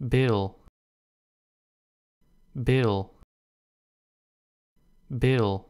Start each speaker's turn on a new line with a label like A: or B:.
A: bill bill bill